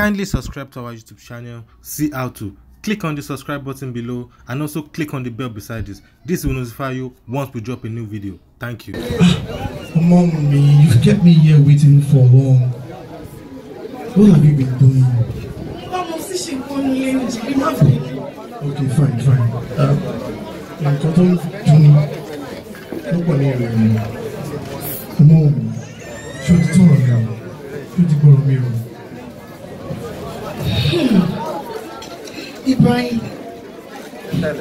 Kindly subscribe to our YouTube channel, see how to. Click on the subscribe button below and also click on the bell beside this. This will notify you once we drop a new video. Thank you. Mom, you've kept me here waiting for long. What have you been doing? Okay, fine, fine. Nǹkan tó ń dun lọ́pọ̀ ní ìrẹ̀ mi, ọmọ mi, ọ̀ràn ẹ̀yìn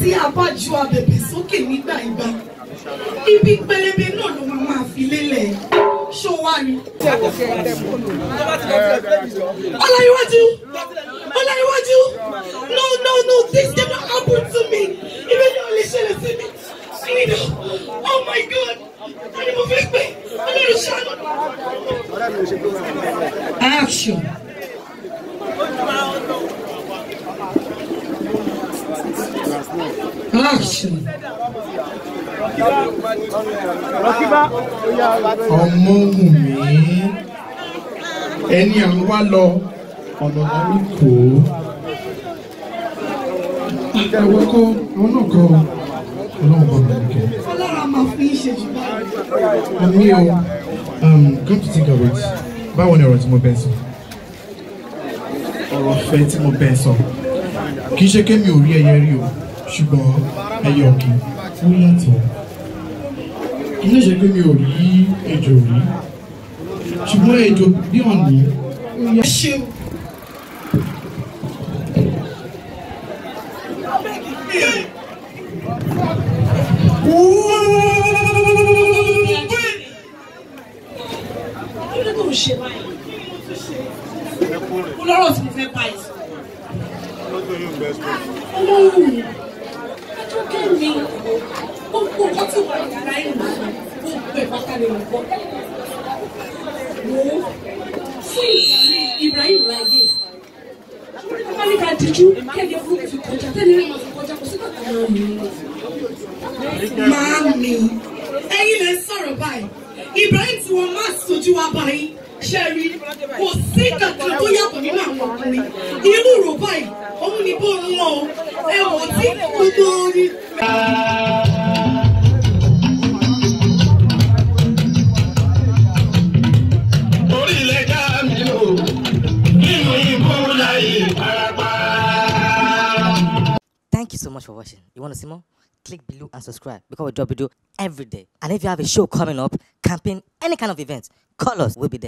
tí a bá ju abẹ̀bẹ̀ sókè nígbà ìgbà ibi pẹlẹbẹ náà ló máa máa fi lélẹ̀ ṣó wá rí. ọláyíwájú ọláyíwájú no no no this never happen to me ibi ni o lè ṣẹlẹ̀ sí mi sílẹ̀ oh my god tani mo fẹ́ pè ọlọ́run ṣàánú. action. aláṣẹ ọmọwùmí ẹni à ń wá lọ ọ̀nà lórí kò ó kọ́ àwọn náà kọ́ ọlọ́run bọ̀ lórí kẹ́. àmì o um, come to think of it báwo ni ọ̀rọ̀ tí mo bẹ́ẹ̀ sọ ọ̀rọ̀ fẹ́ tí mo bẹ́ẹ̀ sọ kì í ṣe kémi ò rí ẹyẹ rí o ṣùgbọ́n ẹyẹ ọ̀kìn ó yàtọ̀ kì í ṣe pé mi ò rí ejò rí ṣùgbọ́n ejò bí ọ̀nì ó yà ṣe. Olórí ọ̀sìn fẹ́ pa ẹ̀sìn. Olórí ọ̀sìn fẹ́ kẹ́mi gbogbo nǹkan tí wà yàrá ẹ̀ mọ̀ gbogbo ẹ̀ bàtà lè mọ̀ wò ó fún ìgbàlẹ̀ Ibrahim láyé kálí ká dijú kẹ́kẹ́ fún ti kọjá tẹ́lẹ̀ rẹ̀ máa fi kọjá kó sí kàkà máa mi. máa mi ẹ̀yin lè sọ̀rọ̀ báyìí Ibrahim tí wọ́n máa sojú wa báyìí ṣe rí kò sí kankan tó yàtọ̀ nínú àwọn ọkùnrin irú rò báyìí. Thank you so much for watching. You want to see more? Click below and subscribe because we drop video every day. And if you have a show coming up, campaign, any kind of event, call us. We'll be there.